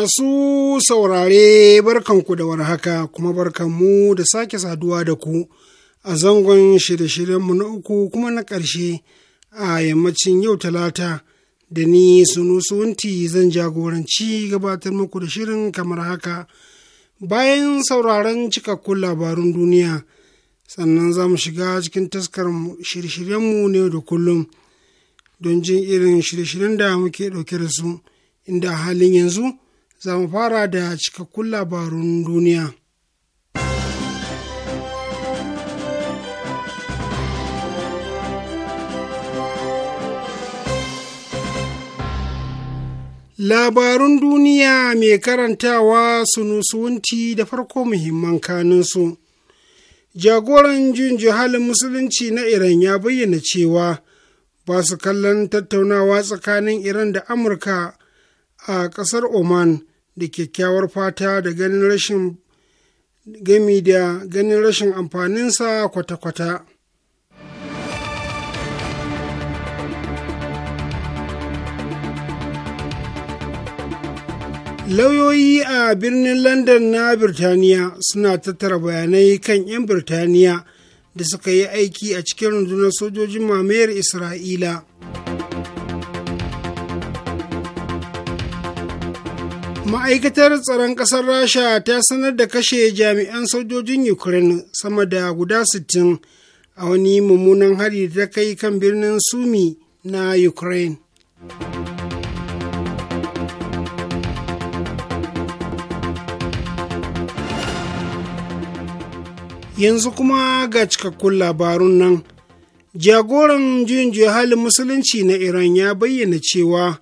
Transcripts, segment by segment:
Masu saurare barkanku da warhaka kuma barkanmu da sake saduwa da ku a zangon shirye-shiryenmu na uku kuma na ƙarshe a yammacin yau talata da ni sunusunti zan jagoranci gabatar muku da shirin kamar haka bayan sauraron cikakkun labarun duniya sannan za mu shiga cikin taskar shirye-shiryenmu ne da kullum don jin irin shirye-shiryen da muke ɗauke da su inda halin yanzu za mu fara da cikakkun labarun duniya. Labarun duniya mai karantawa su sunusuwunti da farko muhimman kanunsu. Jagoran jin jihalin musulunci na Iran ya bayyana cewa ba su kallon tattaunawa tsakanin Iran da Amurka a ƙasar Oman da kyakkyawar fata da ganin rashin gami da ganin rashin amfaninsa kwata-kwata. Lauyoyi a birnin London na Birtaniya suna tattara bayanai kan 'yan Birtaniya da suka yi aiki a cikin rundunar sojojin mamayar Isra'ila. Ma'aikatar tsaron ƙasar Rasha ta sanar da kashe jami'an sojojin Ukraine sama da guda sittin a wani mummunan hari da ta kai kan birnin Sumi na Ukraine. Yanzu kuma ga cikakkun labarun nan. Jagoran juyin juya halin musulunci na Iran ya bayyana cewa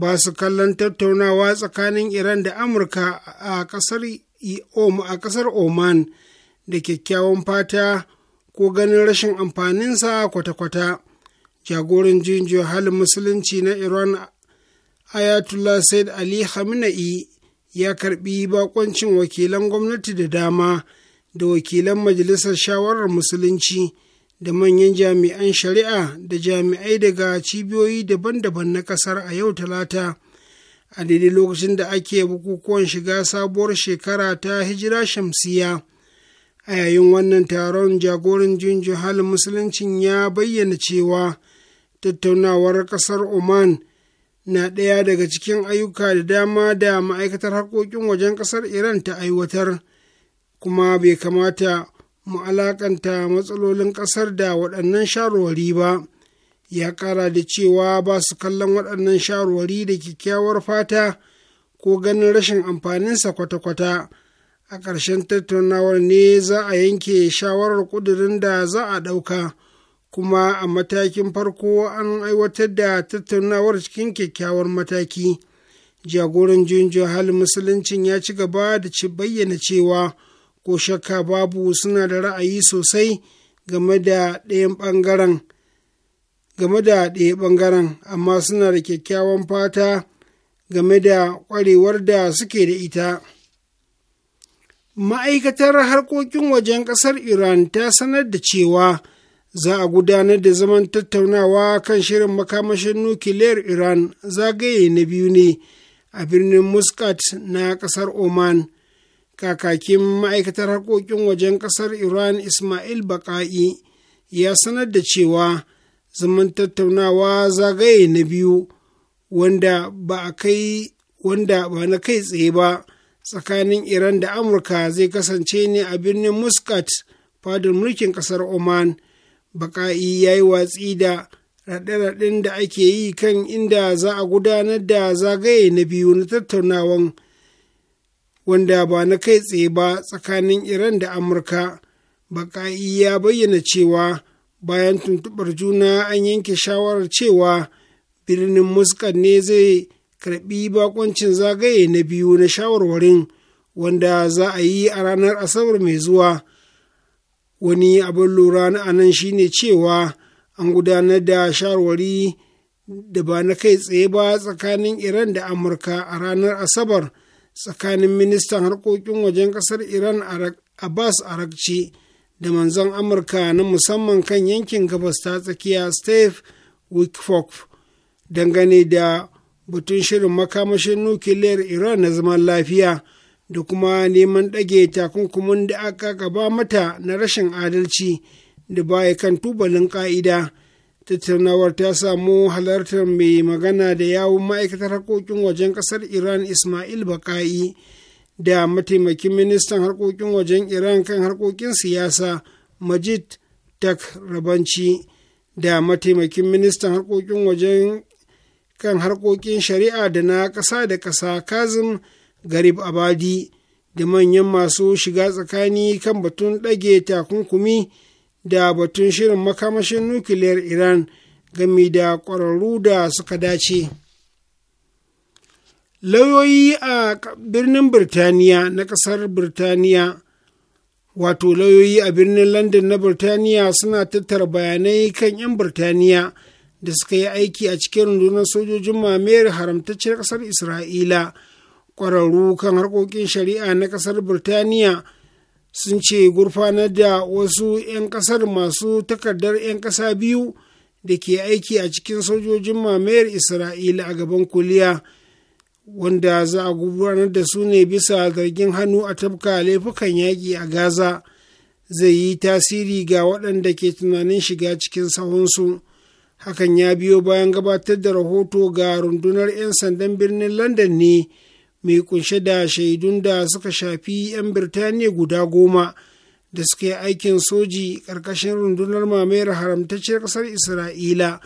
ba su kallon tattaunawa tsakanin iran da amurka a ƙasar oman da kyakkyawan fata ko ganin rashin amfaninsa kwata-kwata jagoran jinjiyar halin musulunci na iran ayatollah said ali khamenei ya karbi bakoncin wakilan gwamnati da dama da wakilan majalisar shawarar musulunci da manyan jami'an shari'a da jami'ai daga cibiyoyi daban-daban na ƙasar a yau talata a daidai lokacin da ake bukukuwan shiga sabuwar shekara ta hijira shamsiya a yayin wannan taron jagoran jinjin halin musuluncin ya bayyana cewa tattaunawar ƙasar oman na ɗaya daga cikin ayyuka da dama da ma'aikatar harkokin wajen ƙasar iran ta aiwatar kuma bai kamata mu alakanta matsalolin ƙasar da waɗannan sharwari ba ya ƙara da cewa ba su kallon waɗannan shawarwari da kyakkyawar fata ko ganin rashin amfaninsa kwata-kwata a ƙarshen tattaunawar ne za a yanke shawarar ƙudurin da za a ɗauka kuma a matakin farko an aiwatar da tattaunawar cikin kyakkyawar mataki jagoran junjo halin musuluncin ya ci gaba da bayyana cewa ko shakka babu suna da ra'ayi sosai game da ɗayan ɓangaren game da ɗaya ɓangaren amma suna da kyakkyawan fata game da ƙwarewar da suke da ita ma'aikatar harkokin wajen ƙasar iran ta sanar da cewa za a gudanar da zaman tattaunawa kan shirin makamashin nukiliyar iran zagaye na biyu ne a birnin muscat na ƙasar oman kakakin ma'aikatar harkokin wajen ƙasar iran ismail baƙa'i ya sanar da cewa zaman tattaunawa zagaye na biyu wanda ba a kai wanda ba na kai tsaye ba tsakanin iran da amurka zai kasance ne a birnin muscat fadar mulkin ƙasar oman baƙa'i ya yi watsi da raɗe-raɗen da ake yi kan inda za a gudanar da zagaye na biyu na tattaunawan wanda ba na kai tsaye ba tsakanin Iran da Amurka, baƙa'i ya bayyana cewa bayan tuntuɓar juna an yanke shawarar cewa birnin Muscat ne zai karɓi bakoncin zagaye na biyu na shawarwarin wanda za a yi a ranar Asabar mai zuwa. Wani abin lura na anan shine cewa an gudanar da shawarwari da ba na kai tsaye ba tsakanin Iran da Amurka a ranar Asabar. tsakanin ministan harkokin wajen kasar iran abbas arakci da manzon amurka na musamman kan yankin gabas ta tsakiya steve wikfok dangane da batun shirin makamashin nukiliyar iran na zaman lafiya da kuma neman ɗage takunkumin da aka gaba mata na rashin adalci da baya kan tubalin ƙa'ida tattaunawar ta samu halartar mai magana da yawun ma'aikatar harkokin wajen kasar iran ismail baka'i da mataimakin ministan harkokin wajen iran kan harkokin siyasa majid tak rabanci da mataimakin ministan harkokin wajen kan harkokin shari'a da na kasa da kasa kazim garib abadi da manyan masu shiga tsakani kan batun ɗage takunkumi da batun shirin makamashin nukiliyar iran gami da ƙwararru da suka dace lauyoyi a birnin birtaniya na ƙasar birtaniya wato lauyoyi a birnin london na birtaniya suna tattara bayanai kan 'yan birtaniya da suka yi aiki a cikin rundunar sojojin mamayar haramtacciyar ƙasar isra'ila ƙwararru kan harkokin shari'a na ƙasar birtaniya sun ce gurfanar da wasu 'yan kasar masu takardar 'yan kasa biyu da ke aiki a cikin sojojin mamayar isra'ila a gaban kuliya wanda za a gudanar da su ne bisa zargin hannu a tafka laifukan yaƙi a gaza zai yi tasiri ga waɗanda ke tunanin shiga cikin sahunsu hakan ya biyo bayan gabatar da rahoto ga rundunar 'yan sandan birnin london ne mai kunshe da shaidun da suka shafi 'yan birtaniya guda goma da suka yi aikin soji ƙarƙashin rundunar mamayar haramtacciyar ƙasar isra'ila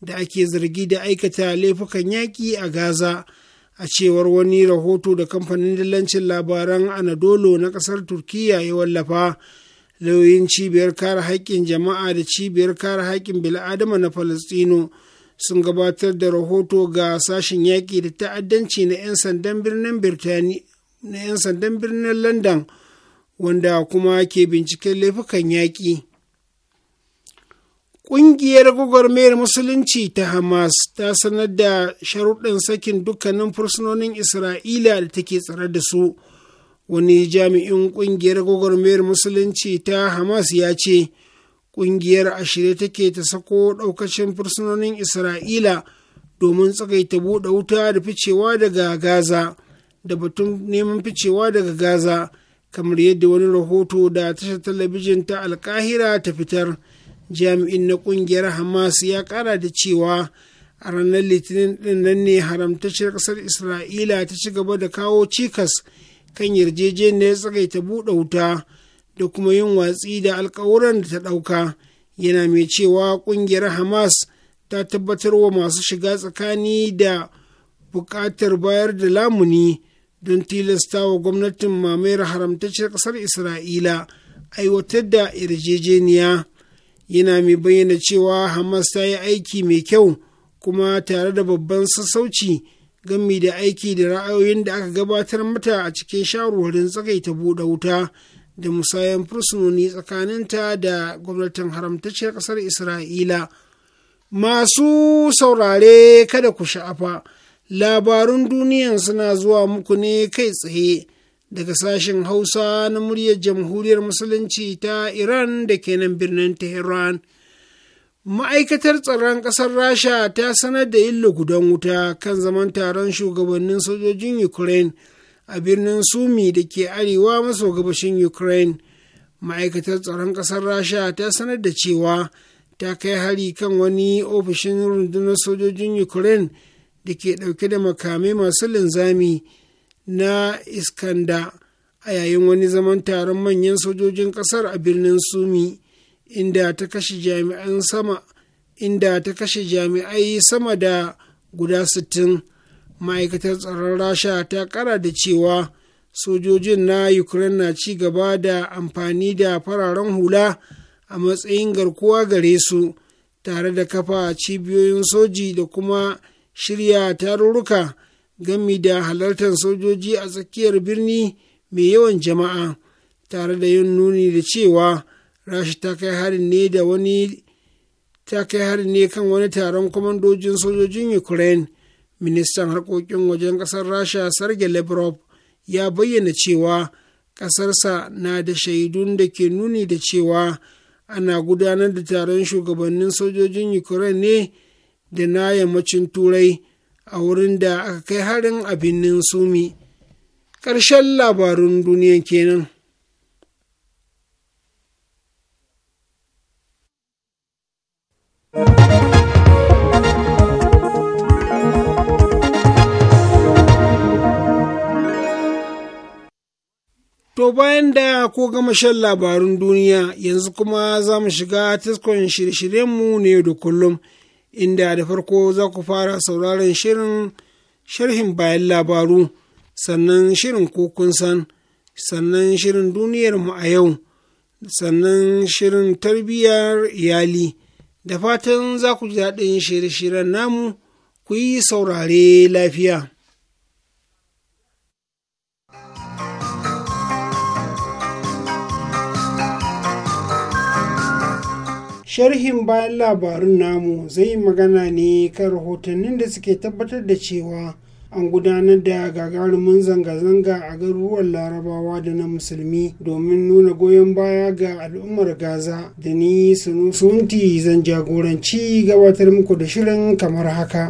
da ake zargi da aikata laifukan yaƙi a gaza a cewar wani rahoto da kamfanin dillancin labaran anadolo na ƙasar turkiya ya wallafa lauyin cibiyar kare haƙƙin jama'a da cibiyar kare haƙƙin bil'adama na falastino sun gabatar da rahoto ga sashen yaƙi da ta'addanci na 'yan sandan birnin birtani na 'yan sandan birnin london wanda kuma ke binciken laifukan yaƙi ƙungiyar gwagwarmayar musulunci ta hamas ta sanar da sharuɗin sakin dukkanin fursunonin isra'ila da take tsare da su wani jami'in ƙungiyar gwagwarmayar musulunci ta hamas ya ce ƙungiyar a shirye take ta sako ɗaukacin fursunonin isra'ila domin tsakaita buɗe wuta da ficewa daga gaza da batun neman ficewa daga gaza kamar yadda wani rahoto da tashar talabijin ta alkahira ta fitar jami'in na ƙungiyar hamas ya kara da cewa a ranar litinin din nan ne haramtacciyar ƙasar isra'ila ta ci gaba da kawo cikas kan yarjejeniyar tsakaita buɗe wuta da kuma yin watsi da alkawuran da ta ɗauka yana mai cewa ƙungiyar hamas ta tabbatar wa masu shiga tsakani da buƙatar bayar da lamuni don tilasta wa gwamnatin mamayar haramtacciyar ƙasar isra'ila aiwatar da yarjejeniya yana mai bayyana cewa hamas ta yi aiki mai kyau kuma tare da babban sassauci gami da aiki da ra'ayoyin da aka gabatar mata a cikin shawarwarin tsakaita buɗe wuta da musayan fursunoni tsakaninta da gwamnatin haramtacciyar ƙasar isra'ila masu saurare kada ku sha'afa labarun duniyan suna zuwa muku ne kai tsaye daga sashen hausa na muryar jamhuriyar musulunci ta iran da kenan birnin tehran ma'aikatar tsaron ƙasar rasha ta sanar da yin lugudan wuta kan zaman taron shugabannin sojojin ukraine a birnin sumi da ke arewa maso gabashin ukraine ma'aikatar tsaron ƙasar rasha ta sanar da cewa ta kai hari kan wani ofishin rundunar sojojin ukraine da ke ɗauke da makamai masu linzami na iskanda a yayin wani zaman taron manyan sojojin ƙasar a birnin sumi inda ta kashe inda ta kashe jami'ai sama da guda 60. ma'aikatar tsaron rasha ta kara da cewa sojojin na ukraine na ci gaba da amfani da fararen hula a matsayin garkuwa gare su tare da kafa cibiyoyin soji da kuma shirya tarurruka gami da halartar sojoji a tsakiyar birni mai yawan jama'a tare da yin nuni da cewa rashi ta kai hari ne da wani ta kai harin ne kan wani taron kwamandojin sojojin ukraine ministan harkokin wajen ƙasar rasha sarge lebrov ya bayyana cewa ƙasarsa na da shaidun da ke nuni da cewa ana gudanar da taron shugabannin sojojin ukraine ne da na yammacin turai a wurin da aka kai harin a sumi ƙarshen labarun duniya kenan. thank To bayan da ko gama shan labarun duniya yanzu kuma za mu shiga taskon shirye-shiryenmu ne da kullum inda da farko za ku fara sauraron shirin sharhin bayan labaru sannan shirin kokun san sannan shirin duniyarmu a yau sannan shirin tarbiyyar iyali da fatan za ku ji daɗin shirye-shiryen namu ku yi saurare lafiya. sharhin bayan labarun namu zai yi magana ne kan rahotannin da suke tabbatar da cewa an gudanar da gagarumin zanga-zanga a garuruwan larabawa da na musulmi domin nuna goyon baya ga al'ummar gaza da ni sunti zan jagoranci gabatar muku da shirin kamar haka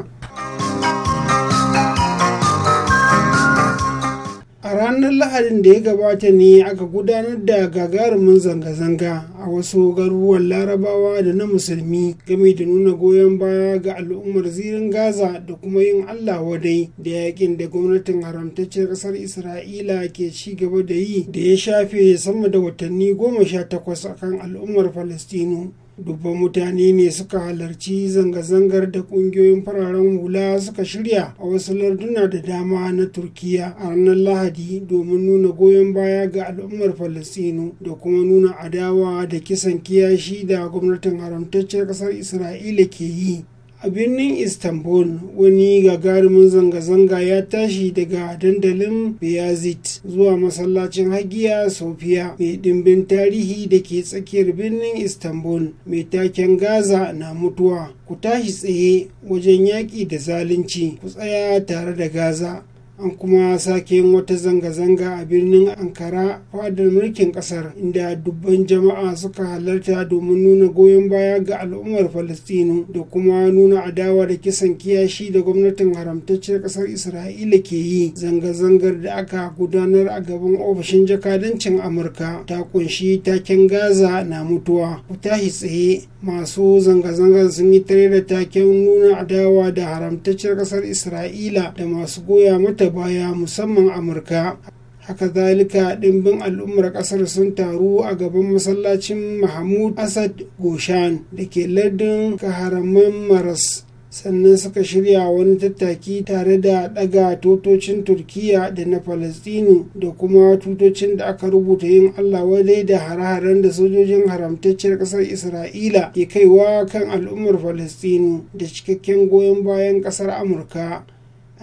ranar lahadin da ya gabata ne aka gudanar da gagarumin zanga-zanga a wasu garuruwan larabawa da na musulmi game da nuna goyon baya ga al'ummar zirin gaza da kuma yin allah wadai da yakin da gwamnatin haramtaccen ƙasar isra'ila ke ci gaba da yi da ya shafe sama da watanni goma sha takwas akan al'ummar falastinu dubban mutane ne suka halarci zanga-zangar da kungiyoyin fararen hula suka shirya a wasu larduna da dama na turkiya a ranar lahadi domin nuna goyon baya ga al'ummar falastinu da kuma nuna adawa da kisan kiyashi da gwamnatin haramtaccen ƙasar isra'ila ke yi a birnin istanbul wani gagarumin zanga-zanga ya tashi daga dandalin beyazit zuwa masallacin hagiya sofiya mai dimbin tarihi da ke tsakiyar birnin istanbul mai taken gaza na mutuwa ku tashi tsaye wajen yaƙi da zalunci ku tsaya tare da gaza an kuma sake yin wata zanga-zanga a birnin ankara fadar mulkin kasar inda dubban jama'a suka halarta domin nuna goyon baya ga al'ummar falastinu da kuma nuna adawa da kisan kiyashi da gwamnatin haramtacciyar kasar isra'ila ke yi zanga-zangar da aka gudanar a gaban ofishin jakadancin amurka ta kunshi taken gaza na mutuwa tashi tsaye masu zanga-zangar sun yi tare da taken nuna adawa da haramtacciyar kasar isra'ila da masu goya mata ta baya musamman amurka haka zalika ɗimbin al'ummar ƙasar sun taru a gaban masallacin mahmud asad goshan da ke lardin kaharaman maras sannan suka shirya wani tattaki tare da ɗaga totocin turkiya da na Falastini da kuma tutocin da aka rubuta yin allah wadai da hare-haren da sojojin haramtacciyar ƙasar isra'ila ke kaiwa kan al'ummar Falastini da cikakken goyon bayan ƙasar amurka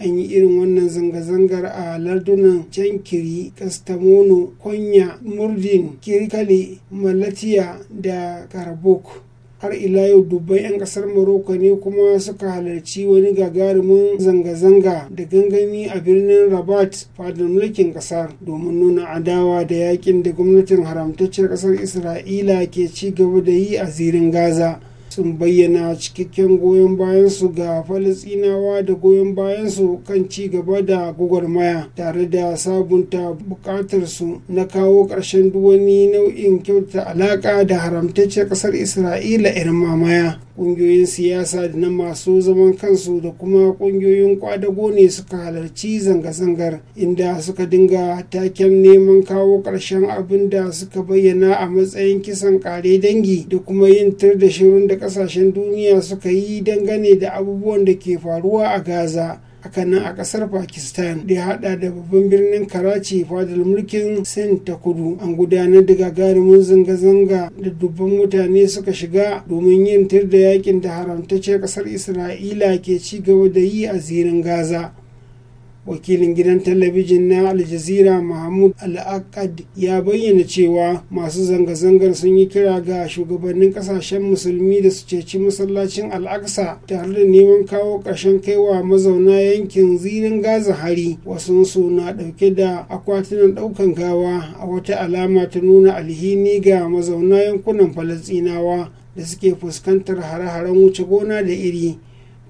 an yi irin wannan zanga-zangar a lardunan cankiri kastamono konya murdin kirkale malatiya da karabok har ila yau dubban 'yan kasar Morocco ne kuma suka halarci wani gagarumin zanga-zanga da gangami a birnin Rabat fadar mulkin kasar domin nuna adawa da yakin da gwamnatin haramtacciyar kasar Isra'ila ke ci gaba da yi a zirin Gaza. sun bayyana cikakken goyon bayansu ga falasinawa da goyon bayansu kan ci gaba da gwagwarmaya tare da sabunta bukatarsu na kawo ƙarshen duwani nau'in kyauta alaƙa da haramtacciyar ƙasar isra'ila irin mamaya ƙungiyoyin siyasa da na masu zaman kansu da kuma ƙungiyoyin kwadago ne suka halarci zanga-zangar inda suka dinga taken neman kawo ƙarshen abin da suka bayyana a matsayin kisan ƙare dangi da kuma yin tir da shirin da ƙasashen duniya suka yi dangane da abubuwan da ke faruwa a gaza hakanan a kasar pakistan da ya hada da babban birnin karachi fadar mulkin sin ta kudu an gudanar da gagarumin zanga-zanga da dubban mutane suka shiga domin yin tir da yakin da haramtaccen kasar isra'ila ke ci gaba da yi a zirin gaza wakilin gidan talabijin na aljazira mahmud al aqad ya bayyana cewa masu zanga-zangar sun yi kira ga shugabannin kasashen musulmi da su ceci masallacin al'aqsa tare da neman kawo ƙarshen kaiwa mazauna yankin zirin gaza hari su na ɗauke da akwatunan ɗaukan gawa a wata alama ta nuna alhini ga mazauna yankunan falasɗinawa da suke fuskantar hare-haren wuce gona da iri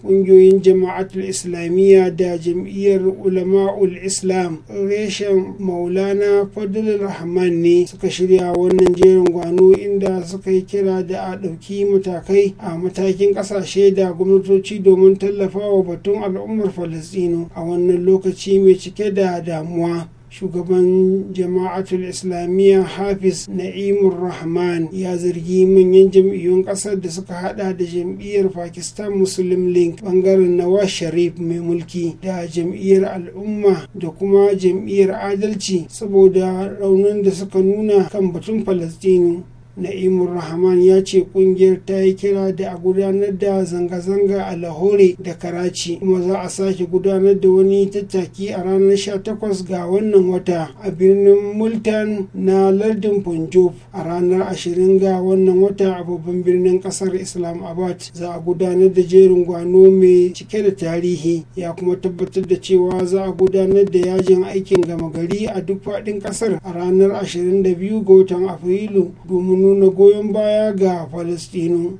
kungiyoyin jama'atul islamiyya da jam'iyyar ulama'ul islam reshen maulana fadlul rahman ne suka shirya wannan jerin gwano inda suka yi kira da a ɗauki matakai a matakin ƙasashe da gwamnatoci domin tallafa wa batun al'ummar falastino a wannan lokaci mai cike da damuwa shugaban jama'atul islamiyya hafiz na'imur rahman ya zargi manyan jam'iyyun kasar da suka hada da jam'iyyar pakistan muslim link bangaren nawaz sharif mai mulki da jam'iyyar al'umma da kuma jam'iyyar adalci saboda raunin da suka nuna kan batun falastinu na'imur rahman ya ce kungiyar ta yi kira da a gudanar da zanga-zanga a lahore da karachi kuma za a sake gudanar da wani tattaki a ranar 18 ga wannan wata a birnin multan na lardin punjab a ranar 20 ga wannan wata a babban birnin kasar islamabad za a gudanar da jerin gwano mai cike da tarihi ya kuma tabbatar da cewa za a gudanar da yajin aikin gama gari a duk faɗin kasar a ranar 22 ga watan afrilu domin nuna goyon baya ga falastinu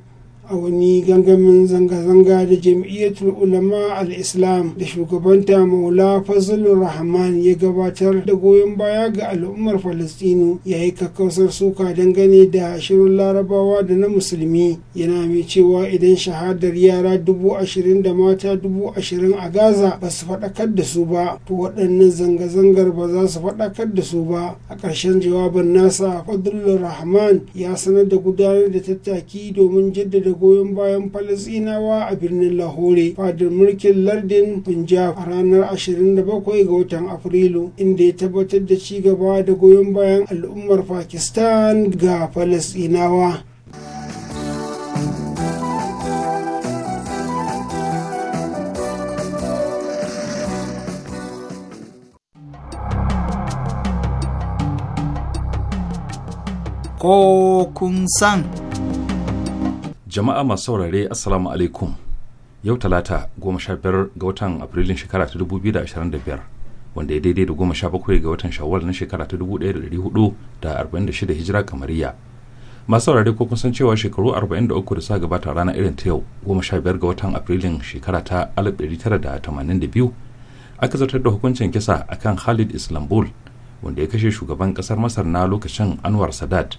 a wani gangamin zanga-zanga da jam'iyyatul ulama al-islam da shugabanta maula fazlur rahman ya gabatar da goyon baya ga al'ummar falastinu ya yi kakkausar suka dangane da shirin larabawa da na musulmi yana mai cewa idan shahadar yara dubu ashirin da mata dubu ashirin a gaza ba su faɗakar da su ba to waɗannan zanga-zangar ba za su faɗakar da su ba a ƙarshen jawabin nasa fadlur rahman ya sanar da gudanar da tattaki domin jaddada goyon bayan falasinawa a birnin lahore fadar mulkin lardin punjab a ranar 27 ga watan afrilu inda ya tabbatar da ci gaba da goyon bayan al'ummar pakistan ga falasinawa ko kun san. jama'a masu saurare assalamu alaikum yau talata goma sha biyar ga watan afrilun shekara ta dubu biyu da ashirin da biyar wanda ya daidai da goma sha bakwai ga watan shawwal na shekara ta dubu ɗaya da ɗari hudu da arba'in da shida hijira kamariya masu saurare ko kun san cewa shekaru arba'in da uku da suka gabata rana irin ta yau goma sha biyar ga watan afrilun shekara ta alif ɗari tara da tamanin da biyu aka zartar da hukuncin kisa akan khalid islambul wanda ya kashe shugaban kasar masar na lokacin anwar sadat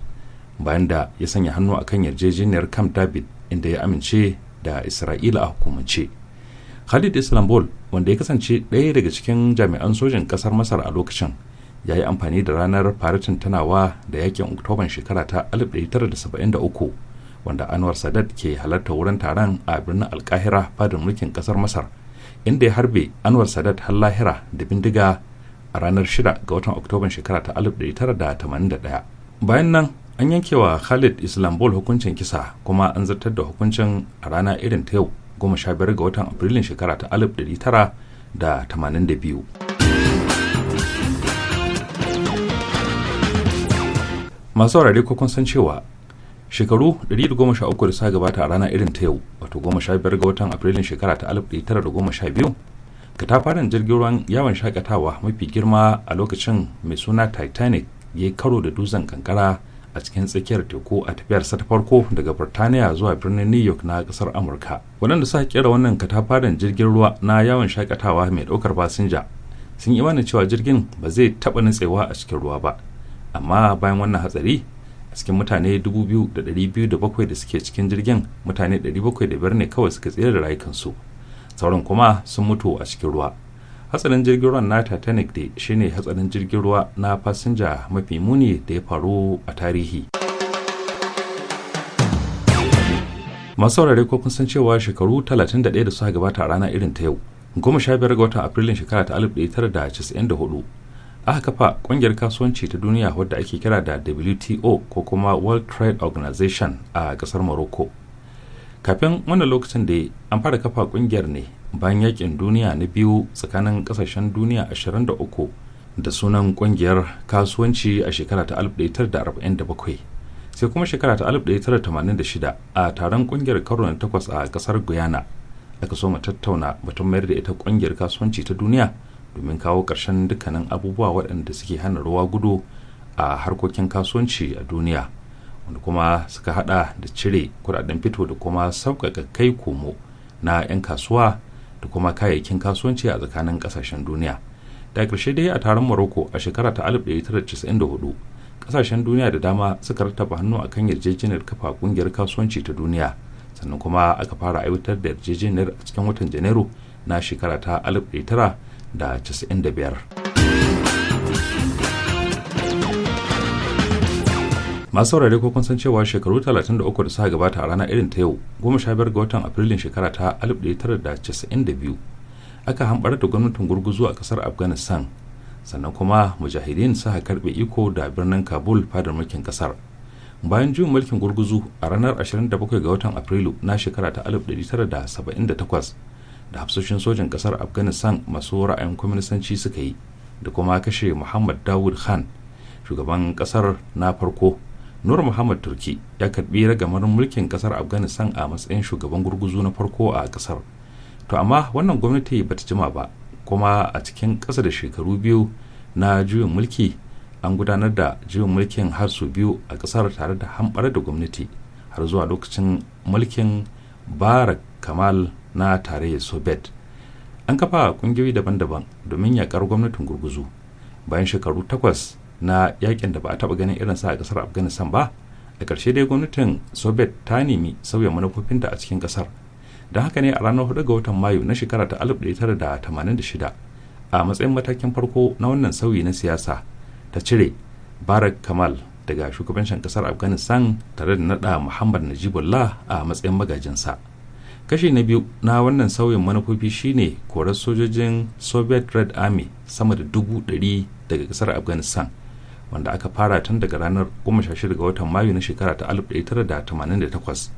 bayan da ya sanya hannu a kan yarjejeniyar camp david inda ya amince da isra'ila a hukumance khalid islambol wanda ya kasance ɗaya daga cikin jami'an sojin ƙasar masar a lokacin ya yi amfani da ranar faratin tanawa da yakin oktoban shekara ta 1973 wanda anwar sadat ke halarta wurin taron a birnin alkahira fadin mulkin ƙasar masar inda ya harbe anwar sadat har lahira da bindiga a ranar 6 ga watan oktoban shekara ta 1981 bayan nan an yanke wa khalid islambol hukuncin kisa kuma an zartar da hukuncin a rana irin ta yau goma sha biyar ga watan afrilun shekara ta alif dari tara da tamanin da biyu masu saurare ko kun san cewa shekaru 113 da sa gabata a rana irin ta yau wato biyar ga watan afrilun shekara ta alif da dari tara biyu katafaren jirgin ruwan yawon shakatawa mafi girma a lokacin mai suna titanic ya yi karo da dutsen kankara a cikin tsakiyar teku a tafiyarsa ta farko daga birtaniya zuwa birnin new york na kasar amurka waɗanda suka kera wannan katafaren jirgin ruwa na yawon shakatawa mai ɗaukar fasinja sun yi imanin cewa jirgin ba zai taɓa nutsewa a cikin ruwa ba amma bayan wannan hatsari a cikin mutane 2,207 da suke cikin jirgin mutane 705 ne kawai suka tsere da rayukansu sauran kuma sun mutu a cikin ruwa hatsarin jirgin ruwan na titanic da shine hatsarin jirgin ruwa na fasinja mafi muni da ya faru a tarihi masu saurare ko san cewa shekaru 31 da suka gabata a rana irin ta yau goma sha biyar ga watan afrilun shekara ta 1994 aka kafa kungiyar kasuwanci ta duniya wadda ake kira da wto ko kuma world trade organization a kasar morocco kafin wannan lokacin da an fara kafa kungiyar ne bayan yakin duniya na biyu tsakanin kasashen duniya 23 da sunan kungiyar kasuwanci a shekara ta 1947 sai kuma shekara ta 1986 a taron kungiyar karo na takwas a kasar guyana aka so mu tattauna batun mayar da ita kungiyar kasuwanci ta duniya domin kawo ƙarshen dukkanin abubuwa waɗanda suke hana ruwa gudu a harkokin kasuwanci a duniya wanda kuma suka hada da cire kudaden fito da kuma sauƙaƙa kai komo na 'yan kasuwa da kuma kayayyakin kasuwanci a tsakanin kasashen duniya da ƙarshe dai a taron morocco a shekara ta 1994 kasashen duniya da dama suka rattaba hannu a kan yarjejeniyar kafa kungiyar kasuwanci ta duniya sannan kuma aka fara aiwatar da yarjejeniyar a cikin watan janairu na shekara ta 1995 masu saurare ko kun san cewa shekaru 33 da suka gabata a ranar irin ta yau 15 ga watan afrilun shekara ta 1992 aka hambar da gwamnatin gurguzu a kasar afghanistan sannan kuma mujahideen suka karbe iko da birnin kabul fadar mulkin kasar bayan juyin mulkin gurguzu a ranar 27 ga watan afrilu na shekara ta 1978 da hafsoshin sojin kasar afghanistan masu ra'ayin kwaminisanci suka yi da kuma kashe muhammad dawud khan shugaban kasar na farko nur muhammad turki ya karbi ragamar mulkin kasar afghanistan a matsayin shugaban gurguzu na farko a kasar to amma wannan gwamnati bata jima ba kuma a cikin ƙasa da shekaru biyu na juyin mulki an gudanar da juyin mulkin har su biyu a kasar tare da hamɓar da gwamnati har zuwa lokacin mulkin barak kamal na tarayyar soviet an kafa kungiyoyi daban-daban domin yakar gwamnatin gurguzu bayan shekaru takwas na yakin da ba a taba ganin irin sa a kasar afghanistan ba a ƙarshe dai gwamnatin soviet ta nemi sauya manufofinta a cikin kasar don haka ne a ranar 4 ga watan mayu na shekara ta 1986 a matsayin matakin farko na wannan sauyi na siyasa ta cire barak kamal daga shugabancin kasar afghanistan tare da nada muhammad najibullah a matsayin magajinsa kashi na biyu na wannan sauyin manufofi shine korar sojojin soviet red army sama da dubu ɗari daga kasar afghanistan wanda aka fara tun daga ranar 16 ga watan mayu na shekara ta 1988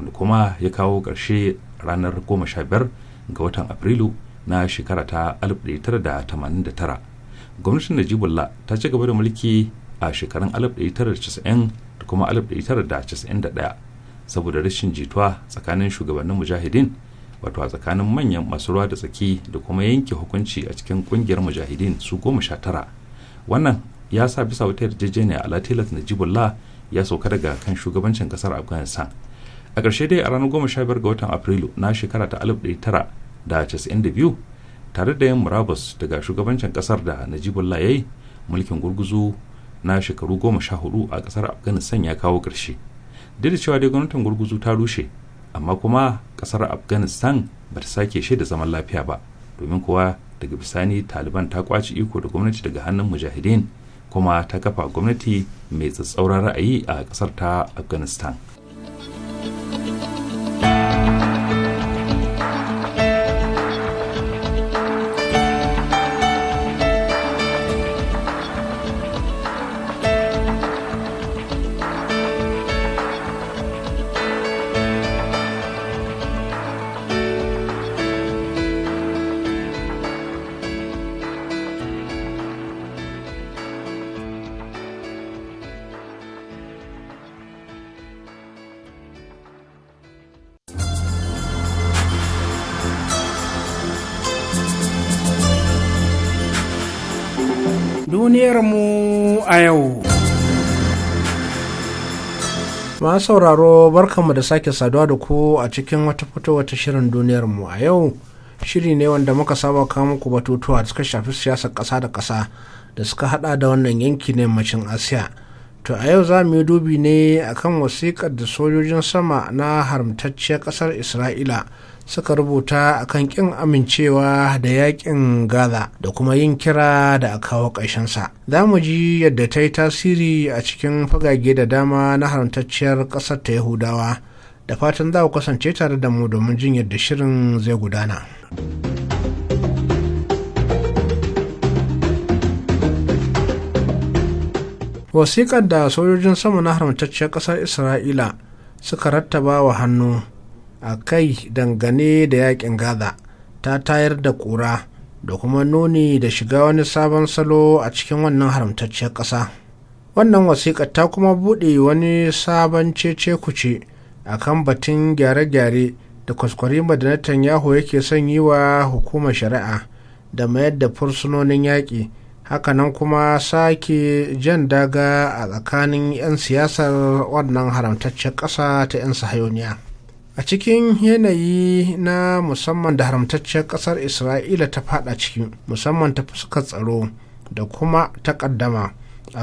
wanda kuma ya kawo ƙarshe ranar 15 ga watan afrilu na shekara ta 1989 gwamnatin najibullah ta ci gaba da mulki a shekarun 1990 da kuma 1991 saboda rashin jituwa tsakanin shugabannin mujahidin wato a tsakanin manyan masu ruwa da tsaki da kuma yanke hukunci a cikin kungiyar mujahidin su goma sha tara wannan ya sa bisa wata yarjejeniya a latilat najibullah ya sauka daga kan shugabancin kasar afghanistan a ƙarshe dai a ranar goma sha biyar ga watan afrilu na shekara ta alif ɗaya tara da casa'in da biyu tare da yin murabus daga shugabancin kasar da najibullah ya yi mulkin gurguzu na shekaru goma sha hudu a kasar afghanistan ya kawo ƙarshe duk da cewa dai gwamnatin gurguzu ta rushe amma kuma kasar afghanistan ba ta sake shi da zaman lafiya ba domin kuwa daga bisani taliban ta kwace iko da gwamnati daga hannun mujahideen kuma ta kafa gwamnati mai tsatsauran ra'ayi a ƙasar ta afghanistan ma sauraro barkanmu da sake saduwa da ku a cikin wata fito wata shirin duniyarmu a yau shiri ne wanda muka saba kawo muku batutuwa da suka shafi siyasar kasa da kasa da suka hada da wannan yanki ne yammacin asiya to a yau za mu yi dubi ne akan wasiƙar da sojojin sama na haramtacciyar ƙasar isra'ila suka rubuta a kan ƙin amincewa da yaƙin gaza da kuma yin kira da a kawo ƙashinsa. za mu ji yadda ta yi tasiri a cikin fagage da dama na haramtacciyar ƙasar ta yahudawa da fatan za ku kasance tare da mu domin jin yadda shirin zai gudana. wasiƙar da sojojin sama na haramtacciyar ƙasar isra'ila suka rattaba wa hannu a kai dangane da yakin gaza ta tayar da kura da kuma nuni da shiga wani sabon salo a cikin wannan haramtacciyar ƙasa wannan wasiƙa ta kuma buɗe wani sabon cece kuce a kan batun gyare-gyare da kwaskwarima madanatan Netanyahu yake son yi wa hukumar shari'a da mayar da fursunonin yaƙi hakanan kuma sake jan daga a tsakanin 'yan siyasar wannan haramtacciyar ƙasa ta 'yan sahayoniya. a cikin yanayi na musamman da haramtacciyar ƙasar isra'ila ta fada ciki musamman ta fuska tsaro da kuma ta a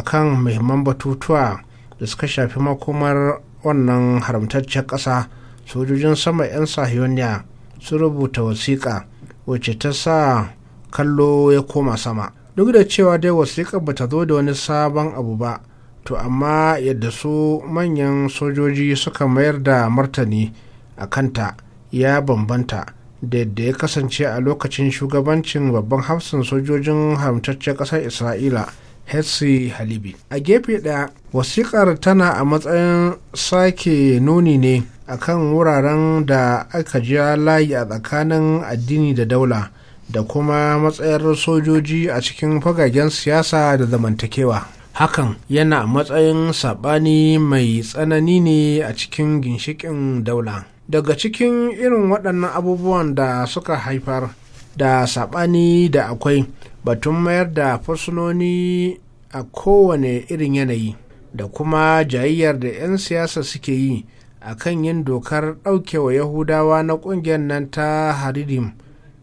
kan muhimman batutuwa da suka shafi makomar wannan haramtacciyar ƙasa sojojin sama 'yan sahiyoniya su rubuta wasiƙa wacce ta sa kallo ya koma sama duk da cewa dai wasiƙar ta zo da wani sabon abu ba to amma yadda su manyan sojoji suka mayar da martani a kanta ya bambanta da yadda ya kasance a lokacin shugabancin babban hafsan sojojin haramtaccen ƙasar isra'ila hetsi halibi a gefe ɗaya wasiƙar tana a matsayin sake nuni ne a kan wuraren da aka ja layi a tsakanin addini da daula da kuma matsayar sojoji a cikin fagagen siyasa da zamantakewa hakan yana matsayin saɓani mai tsanani ne a cikin ginshiƙin daula daga cikin irin waɗannan abubuwan da suka haifar da saɓani da akwai batun mayar da fursunoni a kowane irin yanayi da kuma jayayyar da 'yan siyasa suke yi a kan yin dokar ɗaukewa yahudawa na ƙungiyar nan ta haririm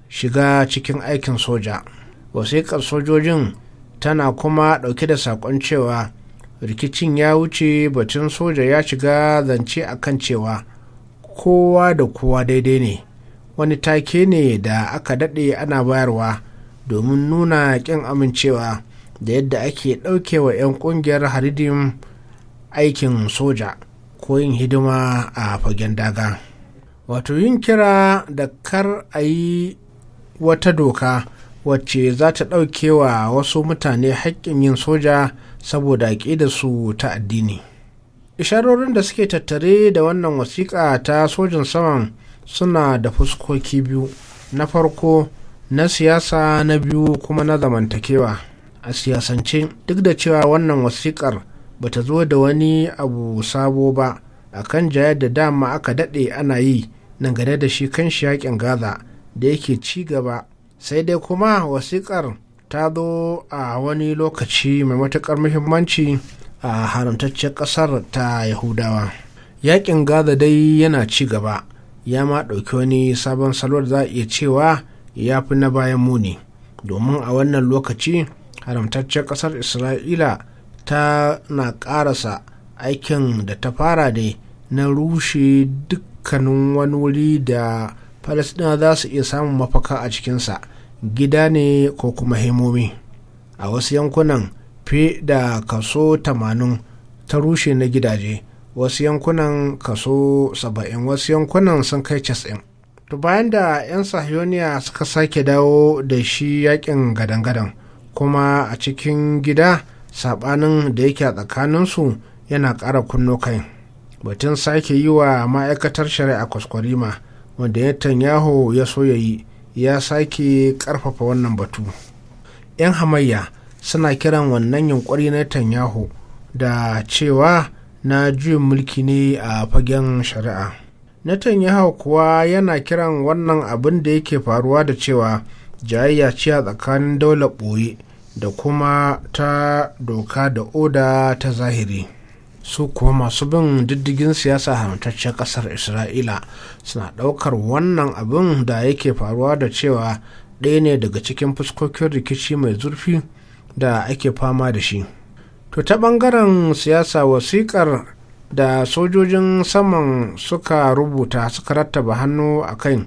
shiga cikin aikin soja wasiƙar sojojin tana kuma ɗauke da saƙon cewa rikicin ya wuce batun soja ya shiga zance a kan cewa kowa da kowa daidai ne wani take ne da aka daɗe ana bayarwa domin nuna ƙin amincewa da yadda ake ɗaukewa 'yan ƙungiyar haridim aikin soja ko yin hidima a fagen daga wato yin kira da kar a yi wata doka wacce za ta wa wasu mutane haƙƙin yin soja saboda su ta addini. isharorin da suke tattare da wannan wasiƙa ta sojin saman suna da fuskoki biyu na farko na siyasa na biyu kuma na zamantakewa a siyasance duk da cewa wannan wasiƙar ba ta zo da wani abu sabo ba a kan jayar da dama aka daɗe ana yi nan gada da shi kan shi yakin gaza da yake ci gaba sai dai kuma wasiƙar ta zo a wani lokaci mai matuƙar muhimmanci a haramtaccen ƙasar ta yahudawa yakin gaza dai yana ci gaba ya ma ɗauki wani sabon salwar za a iya cewa ya fi na bayan muni domin a wannan lokaci haramtaccen ƙasar isra'ila ta na ƙarasa aikin da ta fara dai na rushe dukkanin wani wuri da falasɗina za su iya samun mafaka a cikinsa gida ne ko kuma hemomi a wasu yankunan fi da kaso 80 ta rushe na gidaje wasu yankunan kaso 70 wasu yankunan sun kai 90 to bayan da 'yan sahioniya suka sake dawo da shi yakin gadan-gadan kuma a cikin gida sabanin da yake a tsakaninsu yana ƙara kunno kai batun sake yi wa ma'aikatar shari'a kwaskwarima wanda netanyahu ya so ya yi ya sake ƙarfafa wannan batu 'yan hamayya suna kiran wannan yunkuri na tanyahu da cewa na juyin mulki ne a fagen shari'a netanyahu kuwa yana kiran wannan abin da yake faruwa da cewa jayayya ce a tsakanin daular ɓoye da kuma ta doka da oda ta zahiri su kuwa masu bin diddigin siyasa haramtaccen kasar isra'ila suna ɗaukar wannan abin da yake faruwa da cewa ɗaya ne daga cikin fuskokin rikici mai zurfi da ake fama da shi to ta ɓangaren siyasa wasiƙar da sojojin saman suka rubuta suka rattaba hannu a kan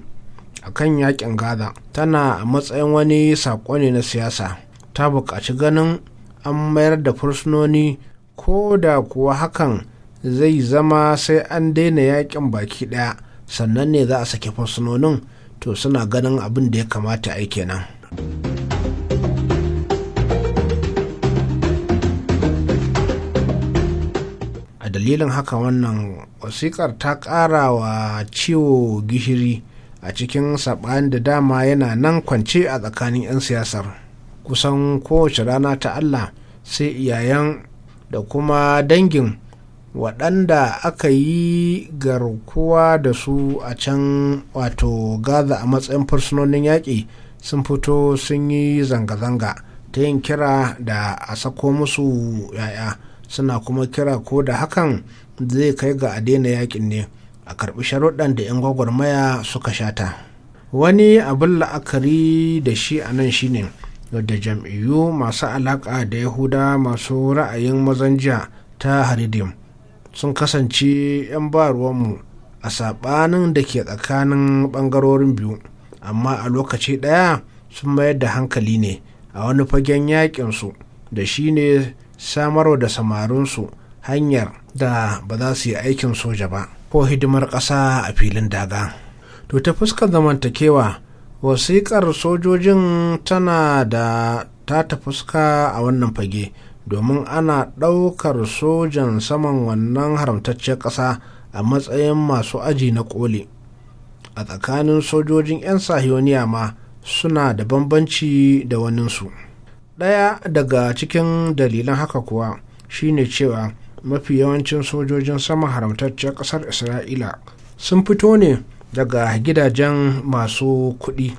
akan yakin gaza tana a matsayin wani saƙo ne na siyasa ta buƙaci ganin an mayar da fursunoni ko da kuwa hakan zai zama sai an daina yakin baki ɗaya sannan ne za a sake fursunonin to suna ganin abin da ya kamata ai nan. dalilin haka wannan wasikar ta ƙara wa ciwo gishiri a cikin saɓani da dama yana nan kwance a tsakanin 'yan siyasar kusan kowace rana ta allah sai iyayen da kuma dangin waɗanda aka yi garkuwa da su a can wato gaza a matsayin fursunonin yaƙi sun fito sun yi zanga-zanga ta yin kira da a sako musu yaya. suna kuma kira ko da hakan zai kai ga a daina yakin ne a karbi sharuɗan da 'yan gwagwarmaya suka shata wani abin la'akari da shi a nan shine da jam'iyyu masu alaƙa da yahuda masu ra'ayin mazan jiya ta haridim sun kasance 'yan baruwanmu a saɓanin da ke tsakanin ɓangarorin biyu amma a lokaci ɗaya sun mayar da hankali ne a wani fagen yaƙinsu da shi ne. samarwa da samarinsu hanyar da ba za su yi aikin soja ba ko hidimar ƙasa a filin daga to ta fuskar zamantakewa wasiƙar sojojin tana da ta fuska a wannan fage domin ana ɗaukar sojan saman wannan haramtacciyar ƙasa a matsayin masu aji na ƙoli a tsakanin sojojin 'yan sahiyoniya ma suna da bambanci da waninsu. ɗaya daga cikin dalilan haka kuwa shine cewa mafi yawancin sojojin sama haramtaccen ƙasar isra'ila sun fito ne daga gidajen masu kuɗi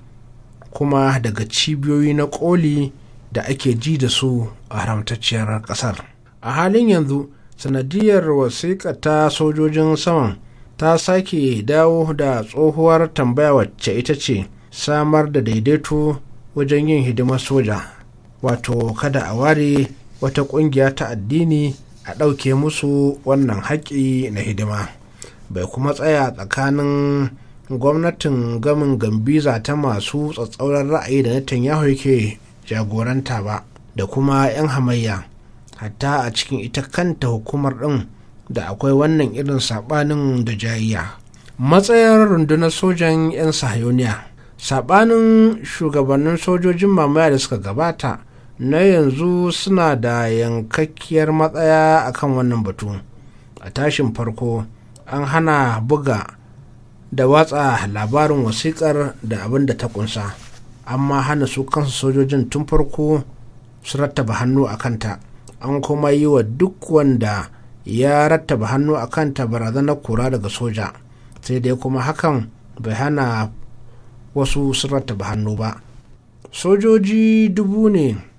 kuma daga cibiyoyi na ƙoli da ake ji da su a haramtacciyar ƙasar a halin yanzu sanadiyar wasiƙa ta sojojin saman ta sake dawo da tsohuwar tambaya wacce ita ce samar da daidaito wajen yin hidimar soja wato kada a ware wata ƙungiya ta addini a ɗauke musu wannan haƙƙi na hidima bai kuma tsaya tsakanin gwamnatin gamin gambiza ta masu tsatsauran ra'ayi da yahoo yake jagoranta ba da kuma 'yan hamayya hatta a cikin ita kanta hukumar ɗin da akwai wannan irin saɓanin da jayayya matsayar rundunar sojan 'yan sahayoniya saɓanin shugabannin sojojin mamaya da suka gabata na yanzu suna da yankakkiyar matsaya akan wannan batu a tashin farko an hana buga da watsa labarin wasiƙar da abin da ta kunsa amma hana su kansu sojojin tun farko su rattaba hannu a kanta an kuma yi wa duk wanda ya rattaba hannu a kanta barazanar kura daga soja sai dai kuma hakan bai hana wasu su rattaba hannu ba sojoji dubu ne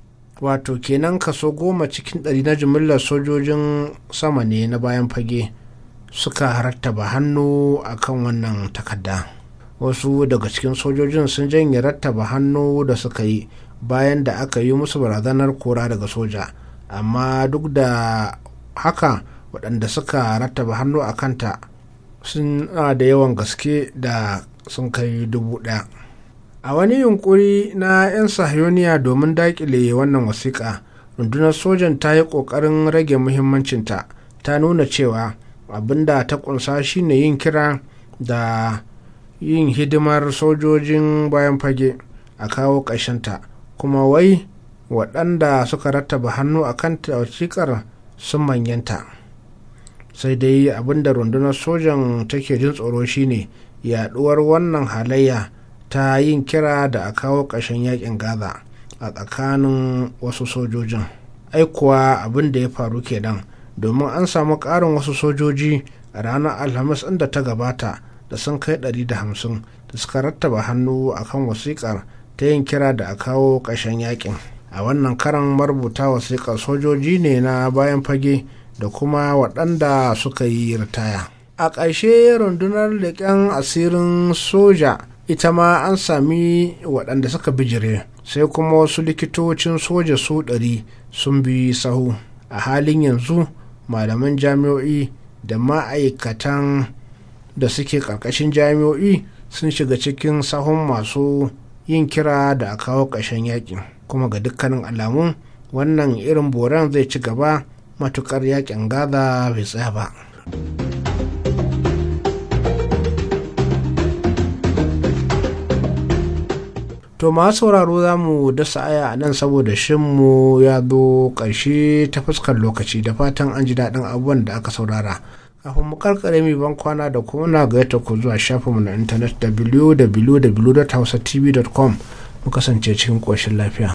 wato kenan kaso goma cikin ɗari na jimillar sojojin sama ne na bayan fage suka rattaba hannu a kan wannan takarda wasu daga cikin sojojin sun janye rattaba hannu da suka yi bayan da aka yi musu barazanar kora daga soja amma duk da haka waɗanda suka rattaba hannu a kanta suna ah, da yawan gaske da sun kai dubu ɗaya a wani yunkuri na 'yan sahiyoniya domin dakile wannan wasiƙa rundunar sojan ta yi ƙoƙarin rage muhimmancinta ta nuna cewa abinda ta ƙunsa shine yin kira da yin hidimar sojojin bayan fage a kawo ƙashinta kuma wai waɗanda suka rattaba hannu a kan wasiƙar sun manyanta sai dai abinda rundunar sojan take jin tsoro shine yaɗuwar wannan halayya ta yin kira da a kawo ƙarshen yakin gaza a tsakanin wasu sojojin aikuwa abin da ya faru kenan domin an samu ƙarin wasu sojoji a ranar alhamis inda ta gabata da sun kai 150 da suka rattaba hannu a kan wasiƙar ta yin kira da a kawo ƙarshen yakin a wannan karan marubuta wasiƙar sojoji ne na bayan fage da kuma waɗanda suka yi ritaya a ƙarshe rundunar leƙen asirin soja ita ma an sami waɗanda suka bijire sai kuma wasu likitocin soja su ɗari sun bi sahu a halin yanzu malaman jami'o'i da ma'aikatan da suke ƙarƙashin jami'o'i sun shiga cikin sahun masu yin kira da a kawo ƙashen yakin kuma ga dukkanin alamun wannan irin boran zai ci gaba matukar yaƙin gaza bai tsaya ba. to ma sauraro za mu dasa aya a nan saboda shinmu ya zo ƙarshe ta fuskar lokaci da fatan an ji daɗin abubuwan da aka saurara kafin mu karkare mai ban kwana da kuma na gayyata ku zuwa shafinmu na intanet www.hausatv.com mu kasance cikin koshin lafiya.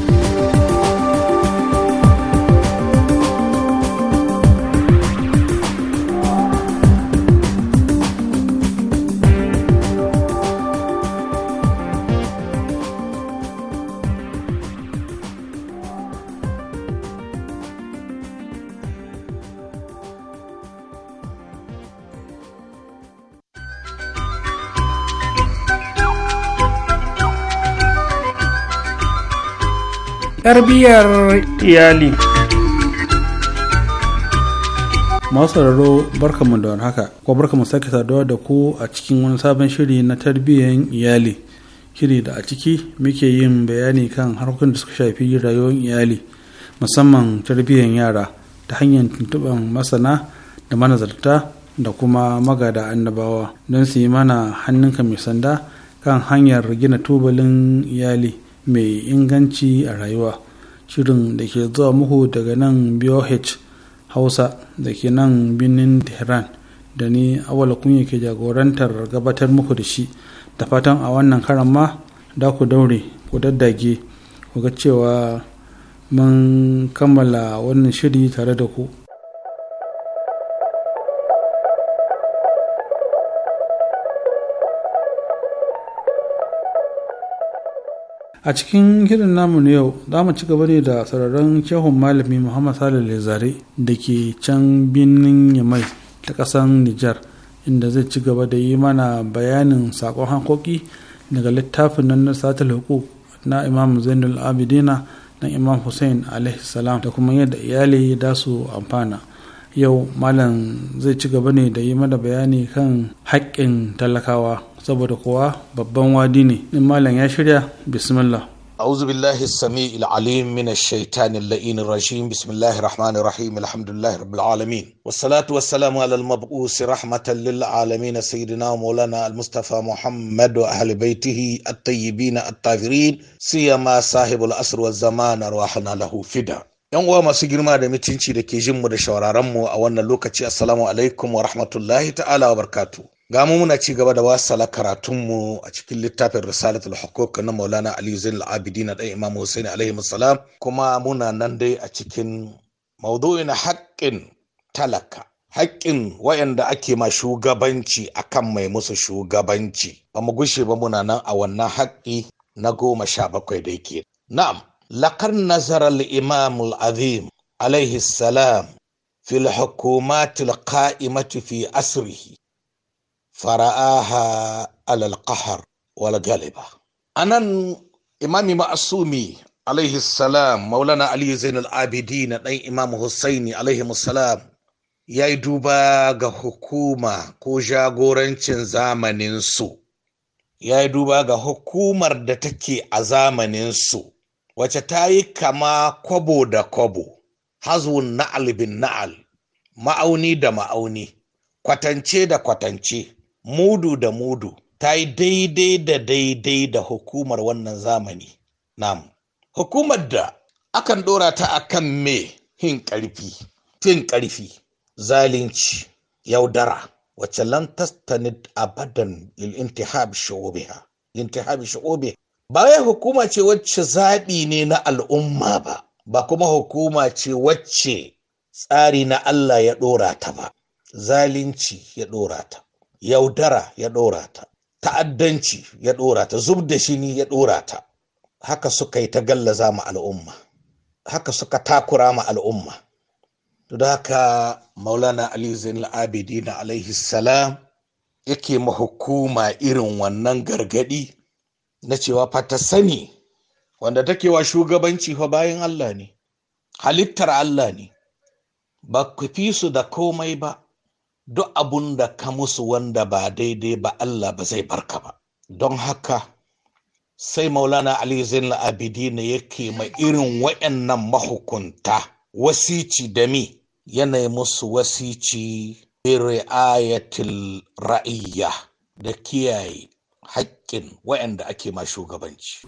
tarbiyyar iyali masu barka barkamu da wani haka ko barkamu sake saduwa da ku a cikin wani sabon shiri na tarbiyyar iyali shiri da a ciki muke yin bayani kan harkokin da suka shafi rayuwar iyali musamman tarbiyyar yara ta hanyar tuntuɓar masana da manazarta da kuma magada annabawa don su yi mana hannunka mai sanda kan hanyar gina tubalin iyali mai inganci a rayuwa shirin da ke zuwa muku daga nan boh hausa da ke nan birnin tehran da ni awala kunya ke jagorantar gabatar muku da shi da fatan a wannan karan ma da ku daure ku daddage ku ga cewa mun kammala wannan shiri tare da ku a cikin hirin namu na yau za mu ci gaba ne da sararin shehun malami muhammad salih lezare da ke can birnin yamai ta kasan nijar inda zai ci gaba da yi mana bayanin sakon hankoki daga littafin nan na satar hukuk na imam zainul abidina na imam hussein alaihi da kuma yadda iyali da su amfana yau malam zai ci gaba ne da yi mana bayani kan haƙƙin talakawa saboda kuwa babban wadi ne in malam ya shirya bismillah أعوذ بالله السميع العليم من الشيطان اللئين الرجيم بسم الله الرحمن الرحيم الحمد لله رب العالمين والصلاة والسلام على المبعوث رحمة للعالمين سيدنا مولانا المصطفى محمد وأهل بيته الطيبين الطاهرين سيما صاحب الأسر والزمان أرواحنا له فدا yan uwa masu girma da mutunci da ke jinmu da shawararrenmu a wannan lokaci assalamu alaikum wa rahmatullahi ta'ala wa barkatu ga muna ci gaba da wasala karatunmu a cikin littafin al hukuk na maulana Aliyu zain al na da imam husaini alaihi salam kuma muna nan dai a cikin maudu'in haƙƙin talaka haƙƙin wayanda ake ma shugabanci akan mai musu shugabanci ba mu gushe ba muna nan a wannan haƙƙi na goma sha bakwai da yake na'am lakar nazar al-imam al-azim alaihi salam في الحكومات القائمة fi أسره fara'aha alal qahar wal galiba anan imami ma'asumi alaihi salam maulana ali zainul abidin ɗan imam husaini alaihi salam ya yi duba ga hukuma ko jagorancin zamaninsu ya yi duba ga hukumar da take a zamaninsu wace ta yi kama kwabo da kwabo hazun na'al bin na'al ma'auni da ma'auni kwatance da kwatance mudu da mudu ta yi daidai da daidai da hukumar wannan zamani nam hukumar da akan ɗorata ta kan me hin ƙarfi fin ƙarfi zalunci yaudara wacce lan tastanid abadan il intihab shu'ubiha intihab shu'ubi ba wai hukuma ce wacce zaɓi ne na al'umma ba ba kuma hukuma ce wacce tsari na Allah ya ɗora ta ba zalunci ya ɗora ta yaudara ya ɗora ta ta'addanci ya ɗora ta zub da shini ya ɗora ta haka suka yi ta gallaza ma al'umma haka suka takura ma al'umma to da haka maulana ali zainal abidin alaihi salam yake mahukuma irin wannan gargadi na cewa fa ta sani wanda take wa shugabanci fa bayan Allah ne halittar Allah ne ba ku fi su da komai ba duk abun da ka musu wanda ba daidai ba Allah ba zai barka ba don haka sai maulana ali zainal abidina yake ma irin wayannan mahukunta wasici da mi yanayi musu wasici ayatul ra'iyya da kiyaye haƙƙin wayanda ake ma shugabanci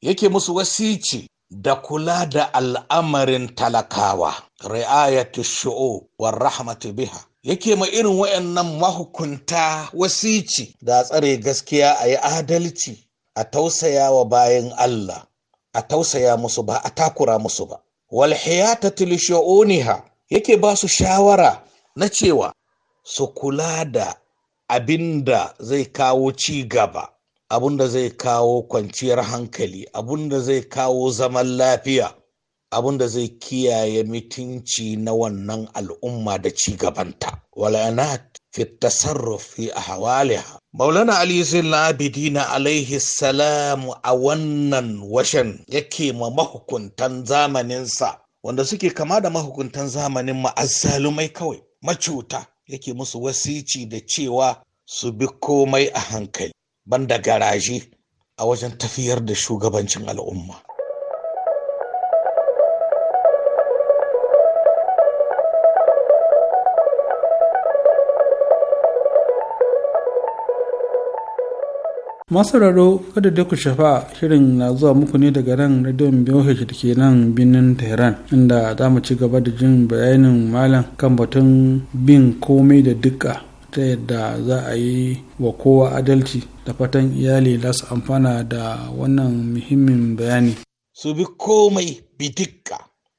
yake musu wasici da kula da al'amarin talakawa ri'ayatu sho'o war rahmatu biha yake ma irin wayannan mahukunta wasici da tsare gaskiya a yi adalci a tausaya wa bayan Allah a tausaya musu ba a takura musu ba wal hiyatatu yake ba su shawara na cewa su kula da abin da zai kawo ci gaba abun da zai kawo kwanciyar hankali abun da zai kawo zaman lafiya abun da zai kiyaye mutunci na wannan al'umma da ci gabanta walanat fi tasarrufi a hawaliha maulana ali na alaihi salam a wannan washen yake ma mahukuntan zamaninsa wanda suke kama da mahukuntan zamanin ma'azzalumai kawai macuta yake musu wasici da cewa su bi komai a hankali banda garaje a wajen tafiyar da shugabancin al'umma. masararo kada da ku shafa shirin na zuwa muku ne daga nan radion BOH da ke nan birnin tehran inda za mu ci gaba da jin bayanin malam kan batun bin komai da dukka ta yadda za a yi wa kowa adalci da fatan iyali za su amfana da wannan muhimmin bayani. su bi komai bidikka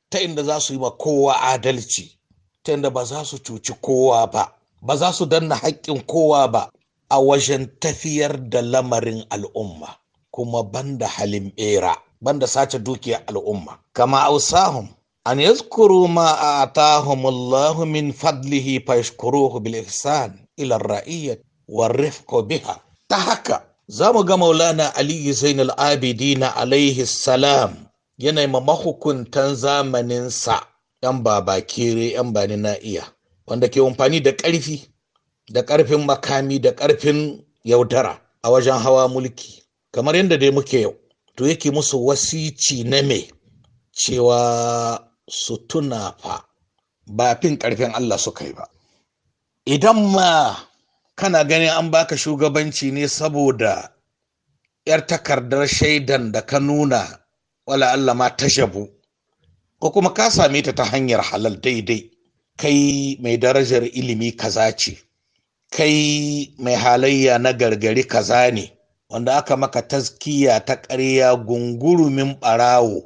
ta inda za su yi wa kowa adalci ta inda ba za su cuci kowa ba ba za su danna haƙƙin kowa ba a wajen tafiyar da lamarin al'umma kuma banda halin bera banda sace dukiyar al'umma kama Ausahun! an yazkuru ma atahumullahu min fadlihi fa yashkuruhu bil ihsan ila ra'iyya. raiyyah war biha ta haka za mu ga maulana aliyu zainal abidina alaihi salam yanayi ma mahukuntan zamaninsa yan baba kere yan bani na iya wanda ke amfani da ƙarfi da ƙarfin makami da ƙarfin yaudara a wajen hawa mulki kamar yadda dai muke yau to yake musu wasici na me cewa su tuna fa ba fin ƙarfin Allah suka yi ba idan ma kana ganin an baka shugabanci ne saboda yar takardar shaidan da ka nuna wala Allah ma ta shabu ko kuma ka same ta ta hanyar halal daidai kai mai darajar ilimi kaza ce kai mai halayya na gargari kaza ne wanda aka maka taskiya ta ƙarya gungurumin ɓarawo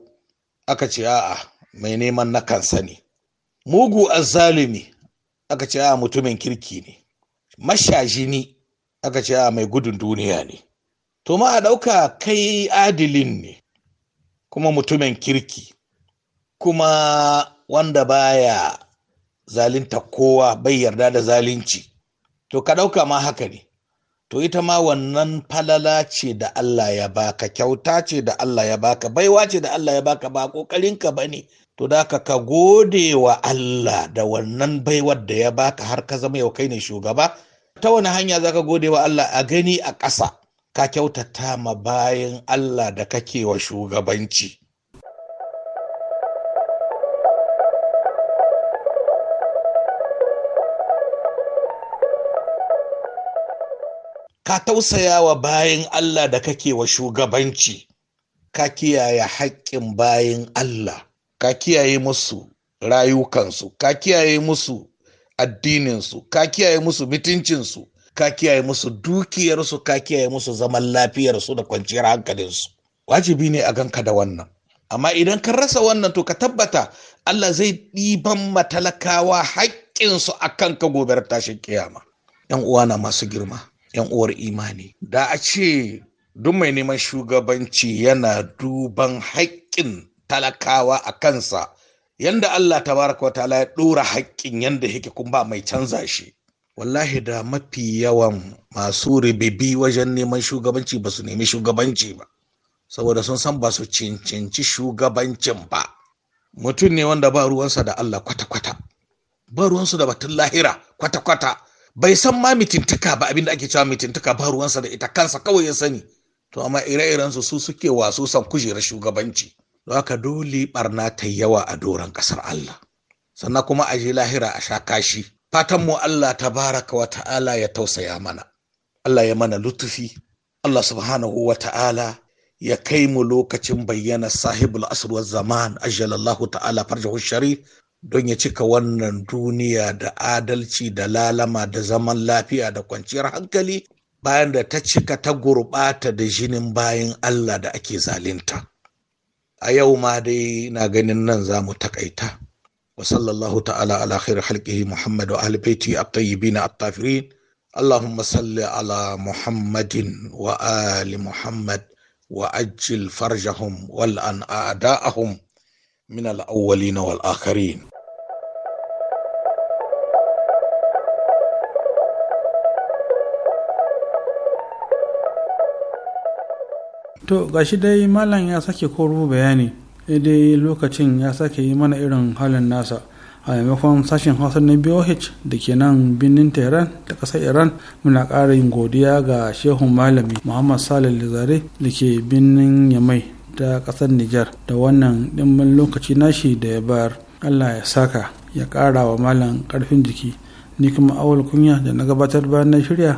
aka ce a'a mai neman na kansa ne mugu azzalumi aka ce a mutumin kirki ne mashajini aka ce a mai gudun duniya ne to ma a ɗauka kai adilin ne kuma mutumin kirki kuma wanda baya zalinta kowa bai yarda da zalunci to ka ɗauka ma haka ne to ita ma wannan falala ce da Allah ya baka kyauta ce da Allah ya baka baiwa ce da Allah ya baka ba ƙoƙarinka ba ne to da ka ka gode wa Allah da wannan baiwar da ya baka har ka zama yau kai ne shugaba ta wani hanya za ka gode wa Allah a gani a ƙasa ka kyautata ma bayan Allah da kake wa shugabanci ka tausaya wa bayan Allah da kake wa shugabanci ka kiyaye haƙƙin bayan Allah ka kiyaye musu rayukansu ka kiyaye musu addininsu ka kiyaye musu mutuncinsu ka kiyaye musu dukiyarsu ka kiyaye musu zaman lafiyarsu da kwanciyar hankalinsu wajibi ne a ganka da wannan amma idan ka rasa wannan to ka tabbata Allah zai ɗiban matalakawa haƙƙinsu a ka gobe tashin kiyama yan uwana masu girma yan uwar imani da a ce duk mai neman shugabanci yana duban haƙƙin talakawa a kansa yanda Allah ta baraka wata ya ɗora haƙƙin yanda yake kun ba mai canza shi wallahi da mafi yawan masu ribibi wajen neman shugabanci ba su nemi shugabanci ba saboda sun san ba su cincinci shugabancin ba mutum ne wanda ba ruwansa da Allah kwata-kwata ba ruwansu da batun lahira kwata-kwata bai san ma mitintuka ba abinda ake cewa mitintuka ba ruwansa da ita kansa kawai ya sani to amma ire-irensu su suke wasu san kujerar shugabanci don haka dole barna ta yawa a doron ƙasar Allah sannan kuma a je lahira a sha kashi fatan mu Allah ta wa ta'ala ya tausaya mana Allah ya mana lutufi Allah subhanahu wa ta'ala ya kai mu lokacin bayyana sahibul asr zaman ajalallahu ta'ala farjahu shari don ya cika wannan duniya da adalci da lalama da zaman lafiya da kwanciyar hankali bayan da ta cika ta gurɓata da jinin bayan Allah da ake zalunta. a yau ma dai na ganin nan za mu takaita wa sallallahu ta'ala ala khair halqihi muhammad wa ahli baiti at-tayyibin at-tafirin اللهم صل على محمد وآل محمد وأجل فرجهم والأن أعداءهم من الأولين والآخرين to gashi dai malam ya sake koro bayani dai lokacin ya sake yi mana irin halin nasa a maimakon sashen hausa na boh da ke nan birnin tehran da ƙasar iran muna ƙara yin godiya ga shehun malami muhammad salil zare da ke birnin yamai ta ƙasar nijar da wannan ɗimbin lokaci nashi da ya bayar allah ya saka ya ƙara wa malam ƙarfin jiki ni kuma awal kunya da na gabatar bayan na shirya